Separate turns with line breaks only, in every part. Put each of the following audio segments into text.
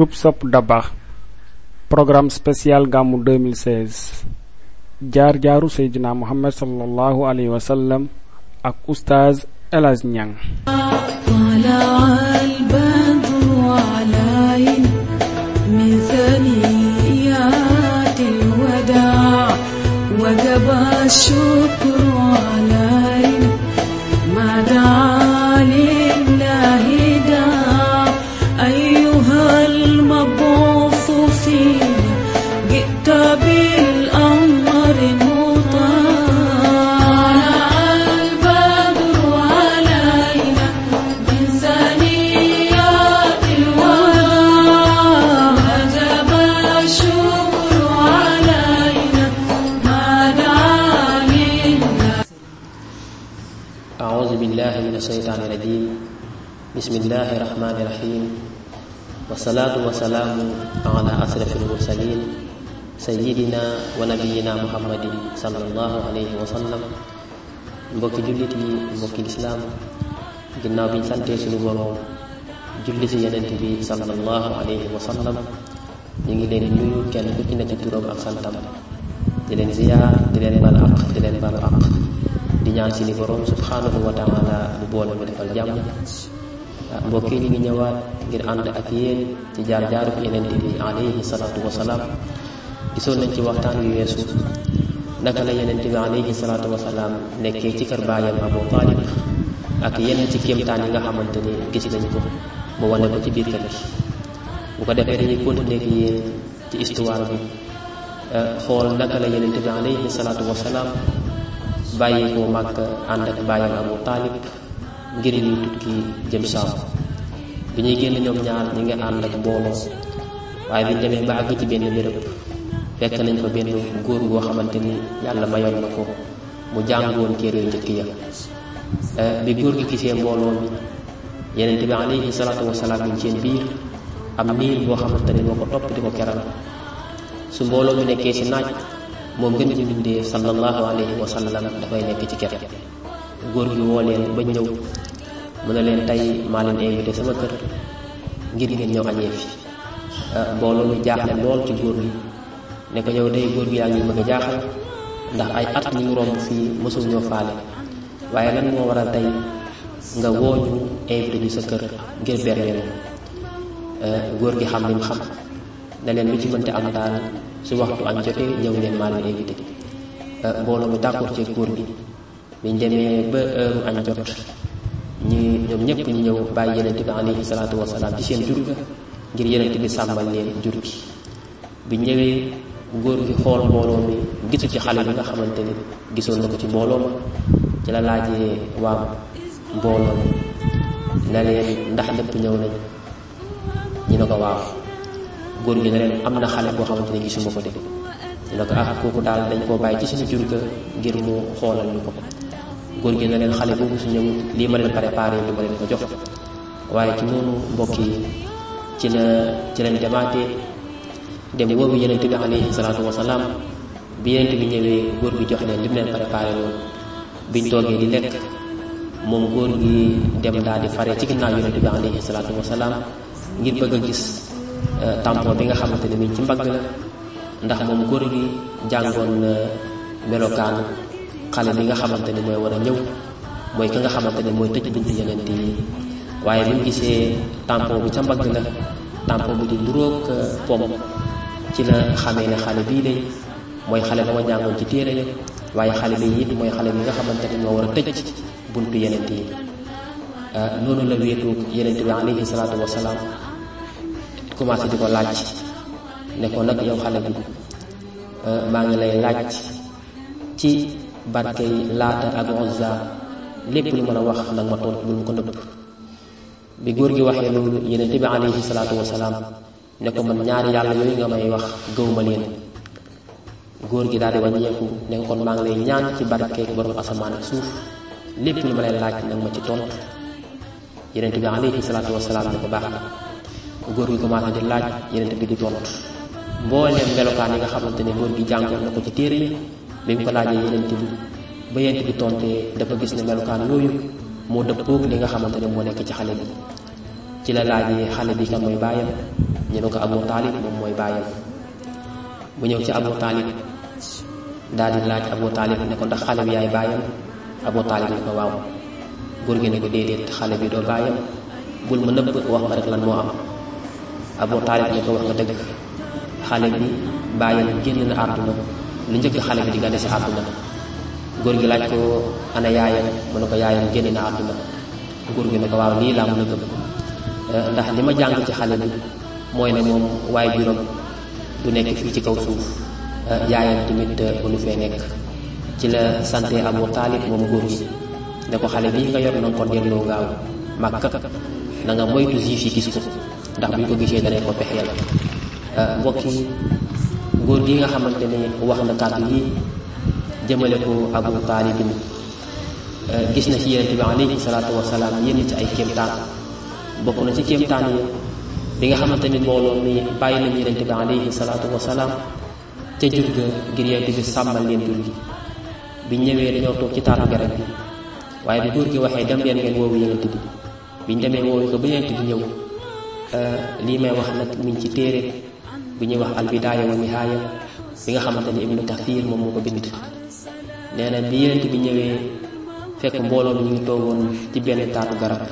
groupe Sopp Dabakh programme spécial gàmmu 2016 jaar-jaaru Seydina Muhammad sallallahu alayhi wa sallam ak oustaz El Hadj Niang الشكر
bismillahi rahmaani rahim wasalaatu wasalaamu ala asrafi almursalin sayidina wa nabiyina muhammadin sallallahu alayhi wa sallam mbokki jullit yi mbokki lislaam ginnaaw biñ santee suñu boroom julli si yenent bi sallallahu alayhi wa ñu ngi leen nuyu kenn ku ci ne ci turam ak santam di leen ziyaar di leen bal aq di leen bal aq di ñaan si ni boroom subhanahu wa taala bu boole mu defal jàmm mbokk yi ñu ngi ñëwaat ngir ànd ak yéen ci jaar jaaru yenente bi alayhi salaatu wasalaam gisoon nañ ci waxtaan wi weesu naka la yenente bi alayhi salaatu wasalaam nekkee ci kër baayam abu taalib ak yenn ci kéemtaan yi nga xamante ni gis nañu ko mu wane ko ci biir kër gi bu ko defee dañuy continuer ak yéen ci histoire bi euh, xool naka la yenente bi alayhi salaatu wasalaam bàyyi ko màkk ànd ak baayam abu taalib ngir ñu tukki jëm saam bi ñuy génn ñoom ñaar ñi nga ànd ak mbooloo waaye bi ñu demee ba àgg ci benn béréb fekk nañ ko benn góor goo xamante ni yàlla mayoon na ko mu jàngoon téere yu njëkk ya eh, bi góor gi gisee mbooloo mi yeneen bi alayhi salaatu yi seen biir am niir boo xamante ni moo ko topp di ko keral su mbooloo mu nekkee si naaj moom gën ci mbindee sallallahu alayhi wa sallam dafay nekk ci ker góor gi woo leen ba ñëw mun ne leen tey maa leen sama kër ngir ngeen ñëw añee fi ah, mbooloo mi jaaxle lool ci góor gi ne ko yow day góor gi yaa ngi bëgg a ndax ay at ñu ngi romb fii waaye lan moo waral tey nga woo ñu invité ñu sa kër ngir ah, góor gi xam li mu xam ne leen mu ci am daal su waxtu añ jotee ñëw leen maa leen invité ah, mbooloo mi d'accord ci góor gi biñ demee ba añ jot ñi ñoom ñëpp ñu ñëw bàyyi yenent bi alayhi salaatu wasalaam ci seen jur ngir yenent bi sàmmal leen jur gi bi ñëwee góor gi xool mbooloo mi gisu ci xale bi nga xamante ni gisoo nañ ko ci mbooloo ci la laajee waa mbooloo mi na leen ñëw nañ ne ko waaw góor gi ne leen am na xale boo xamante ni gisuma ko de ñu ne ko ah kooku daal dañ koo bàyyi ci suñu jur ga ngir mu xoolal ñu ko góor gi na leen xale boobu su ñëwut lii ma leen préparé li ma leen ko jox waaye ci noonu mbokk yi ci la ci lañ demaatee dem woowu yenent bi alayhi salaatu wasalaam bi yenent bi ñëwee góor gi jox leen li mu leen préparé loolu biñ toogee di lekk moom góor gi dem daal di fare ci ginnaaw yonent bi alayhi salaatu wasalaam ngir bëgg a gis euh, tampon bi nga xamante ne mi ci mbagg la ndax moom góor gi jàngoon na euh, melokaanu
xale bi nga xamante ni mooy war a ñëw mooy ki nga xamante ni
mooy tëj buntu yeneen yi
waaye bi mu gisee tampon bi ca mbagg la tampon
bi di duróog euh, pom ci la xamee ni xale bii de mooy xale ba ma ci téere ya waaye xale bi it mooy xale bi nga xamante ni moo war a tëj buntu yeneen yi euh, noonu la wéetoog yeneen bi alayhi salaatu wasalaam commencé di ko laaj ne ko nag yow xale bi euh, maa ngi lay laaj ci barke yi laata ak Uzza lépp lu mën a wax nag ma tontu bul mu ko nëbb bi góor gi waxee loolu yenente bi alayhi salaatu wasalaam ne ko man ñaari yàlla yooyu nga may wax gëwma leen góor gi daal di wàññeeku ne ko kon maa ngi lay ñaan ci barkeeg borom asamaan ak suuf lépp lu ma lay laaj nag ma ci tontu yenente bi alayhi salaatu wasalaam ne ko baax na góor gi commencé di laaj yenente bi di tontu mbooleem melokaan yi nga xamante ne góor gi jàngoon ci téere yi bi mu ko laajee yonent bi ba yonent bi tontee dafa gis ne melukaan yooyu moo dëppoog li nga xamante ne moo nekk ci xale bi ci la laajee xale bi kan mooy baayam ñu ko Abu Taalib moom mooy baayam mu ñëw ci Abu Taalib daal di laaj Abu Taalib ne ko ndax xale bi yaay baayam aboo Taalib ne ko waaw góor ne ko déedéet xale bi doo baayam bul ma nëbb wax ma rek lan moo am Abu Taalib ne ko wax nga dëgg xale bi baayam génn na àdduna lu njëkk xale bi di gane si àdduna góor gi laaj ko ana yaayam mu ne ko yaayam génne na àdduna góor gi ne ko waaw lii laa mën a gëm eh, ndax li ma jàng ci xale bi mooy waaye juróom nekk fii ci kaw suuf eh, yaayam tamit eh, mënu fee nekk ci la sante Abu Taalib moom góor gi ne ko nga yor na nga ko delloo gaaw Makka na nga moytu juif yi gis ko ndax bu ñu ko gisee danañ ko pexeel mbokk góor gi nga xamante ne wax na kàddu yi jëmale ko Abu Taalibin euh, gis na ci yonente bi alayhi salaatu wasalaam yenn ci ay kéemtaan bokk na ci kéemtaan yi bi nga xamante ni mbooloo mi bàyyi nañu yonente bi alayhi salaatu wasalaam ca jur ga ngir yonente bi sàmmal leen jur gi biñ ñëwee dañoo toog ci taatu garab bi waaye bi góor gi waxee dem leen ngeen woowu yonente bi biñ demee woowu ko ba yonente bi ñëw euh, lii may wax nag mi ci téere bu ñuy wax albidaaya wa nihaaya bi nga xamante ni ibnu kathir moom moo ko bind nee na bi yonent bi ñëwee fekk mbooloo lu ñu ngi toogoon ci benn taatu garab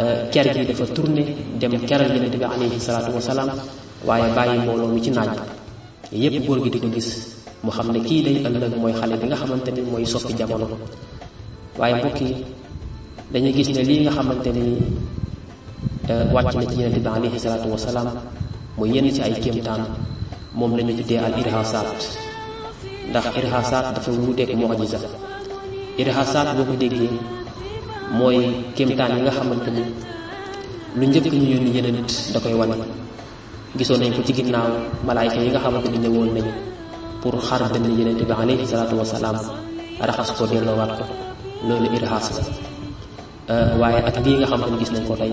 eh, ker gi dafa tourné dem keral yonent bi alayhi salaatu wasalaam waaye bàyyi mbooloo mi ci naaj yépp góor gi di gis mu xam ne kii day ëllëg mooy xale bi nga xamante ni mooy soppi jamono waaye mbokk yi gis ne lii nga xamante ni eh, wàcc na ci yonent bi alayhi salaatu wasalaam mooy yenn ci ay kéemtaan moom la ñu tuddee al irhasaat ndax irhasaat dafa wuuteeg mu'jiza irhasaat boo ko déggee mooy kéemtaan yi nga xamante ni lu njëkk ñu yónni yeneen nit da koy wane gisoon nañ ko ci ginnaaw malaayka yi nga xamante ni ñëwoon nañu pour xar dënn yeneen bi alayhi salaatu wasalaam raxas ko delloowaat ko loolu irhaas la waaye ak lii nga xamante gis nañ ko tey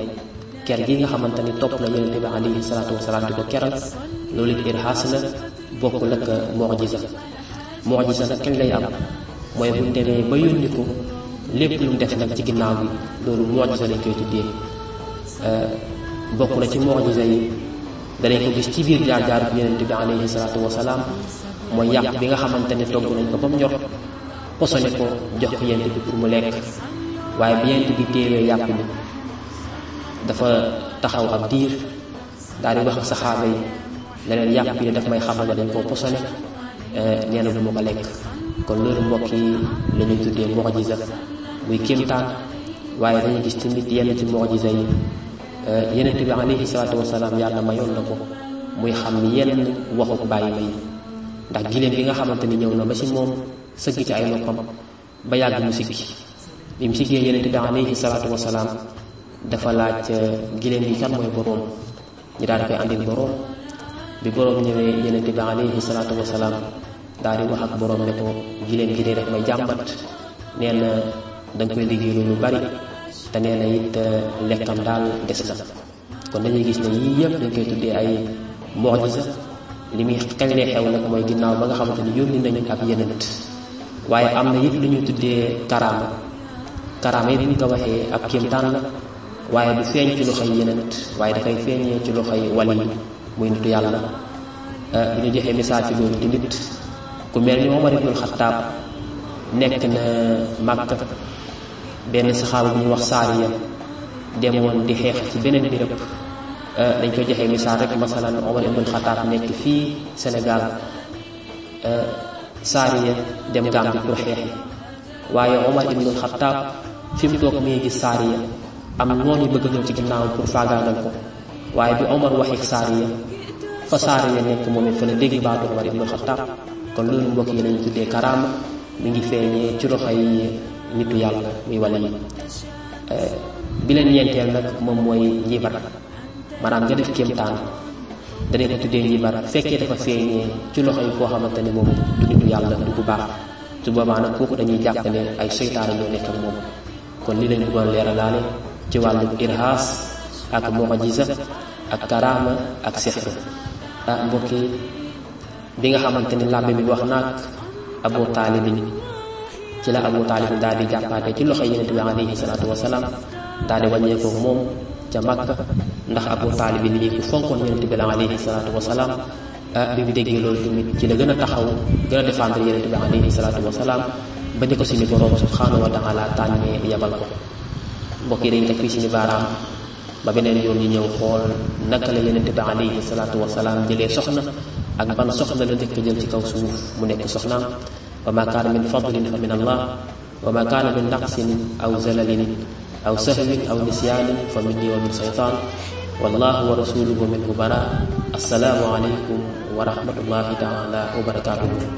ker gi nga xamante ni topp na yonente bi alayhi salaatu wasalaam di ko keral loolu it irhaas la bokk nag mojisa mojisa nag kañ lay am mooy buñ demee ba yónni ko lépp lu mu def nag ci ginnaaw bi loolu mojisa lañ koy tuddee euh, bokk na ci mojisa yi danañ ko gis ci biir jaar-jaar bi yonente bi alayhi salaatu wasalaam mooy yàpp bi nga xamante ne togg nañ ko ba mu ñor posone ko jox ko yent bi pour mu lekk waaye bi yent bi téewee yàpp bi dafa taxaw ab diir daal di wax ak saxaaba yi ne yàpp yi daf may xamal ne dañ koo posone eh, nee na bu ma ko lekk kon loolu mbokk lañuy la ñuy tuddee moxjisa muy kéemtaan waaye dañu gis tamit yenn ci moxjisa yi eh, yenent bi alayhi salaatu wasalaam yàlla mayoon na ko muy xam yenn waxuk bàyyi ma yi ndax giléem gi nga xamante ni ñëw na ba ci moom sëgg ci ay noppam ba yàgg mu sikki bi mu sikkee yenent bi alayhi salaatu wasalaam dafa laaj euh, giléem yi kan mooy boroom ñu daal di koy andil boroom bi boroom ñëwee yenente bi alayhi salaatu wasalaam daal di wax ak boroom ne ko giléem gi dee def ma jàmbat nee na danga koy liggéey lu bari te nee it euh, lekkam daal des na kon dañuy gis na yii yëpp dañ koy tuddee ay mojisa li muy kañ lay xew nag mooy ginnaaw ba nga xamante ni yónni nañu ab yenent waaye am na it lu ñu tuddee karaama karaama yi bu ñu ko waxee ab kéemtaan la waaye du feeñ ci loxoy yenent waaye dafay feeñee ci loxoy wali muy nitu yàlla ah, bu ñu joxee misaal ci loolu tamit ku mel ni Omar ibnul Xattaab nekk na Makka benn saxaaba bu wax Saariya demoon di xeex ci beneen béréb ah, dañ ko joxee misaal rek masalan Omar ibnul nekk fii Sénégal ah, Saariya dem Gàmbi pour xeex waaye Omar ibnul Xattaab fi mu toog mi gis Saariya am noon yi bëgg a ñëw ci ginnaaw pour faagaagal ko waaye bi Omar waxee Saariya
fa Saariya nekk moom it fa a dégg
baatu Omar ibnu Xattaab kon loolu mbokk tuddee karaama mi ngi feeñee ci loxoy nitu yàlla muy wala yi eh, bi leen ñeenteel nag moom mooy njibar maanaam nga def kéemtaan danañ ko tuddee njibar fekkee dafa feeñee ci loxo yi koo xamante ne moom du nitu yàlla du bu baax su boobaa kooku dañuy jàpp ay seytaane ñoo nekk moom kon li leen lañ bëggoon leeralaale ci wàllu irhaas ak mu'jiza ak karaama ak sihr ah mbokki bi nga xamante ni làbbe bi wax naag abu taalibin ci la abu taalib daal di jàppaate ci loxo yonent bi alayhi salaatu wasalaam daal di wàññeekoo moom ca makka ndax abu taalibin nii ku fonkoon yonent bi la alayhi wasalaam ah, bi mu déggee loolu tamit ci la gën a taxaw gën a défendre yonent bi alayhi salaatu wasalaam ba ni ko suñu borom subhaanahu wa taala tànnee yabal ko mbokk yi dañu teg fii baaraam ba beneen yoon ñu ñëw xool naka la leen bi alayhi salaatu wasalaam jëlee soxna ak ban soxna la njëkk jël ci kaw suuf mu nekk soxna wa ma kaana min fadlin fa min allah wa kaana min naqsin aw zalalin aw sahwin fa minni wa min shaytaan wallahu wa rasuluhu minhu bara assalaamu aleykum wa rahmatullahi taala wa barakaatuhu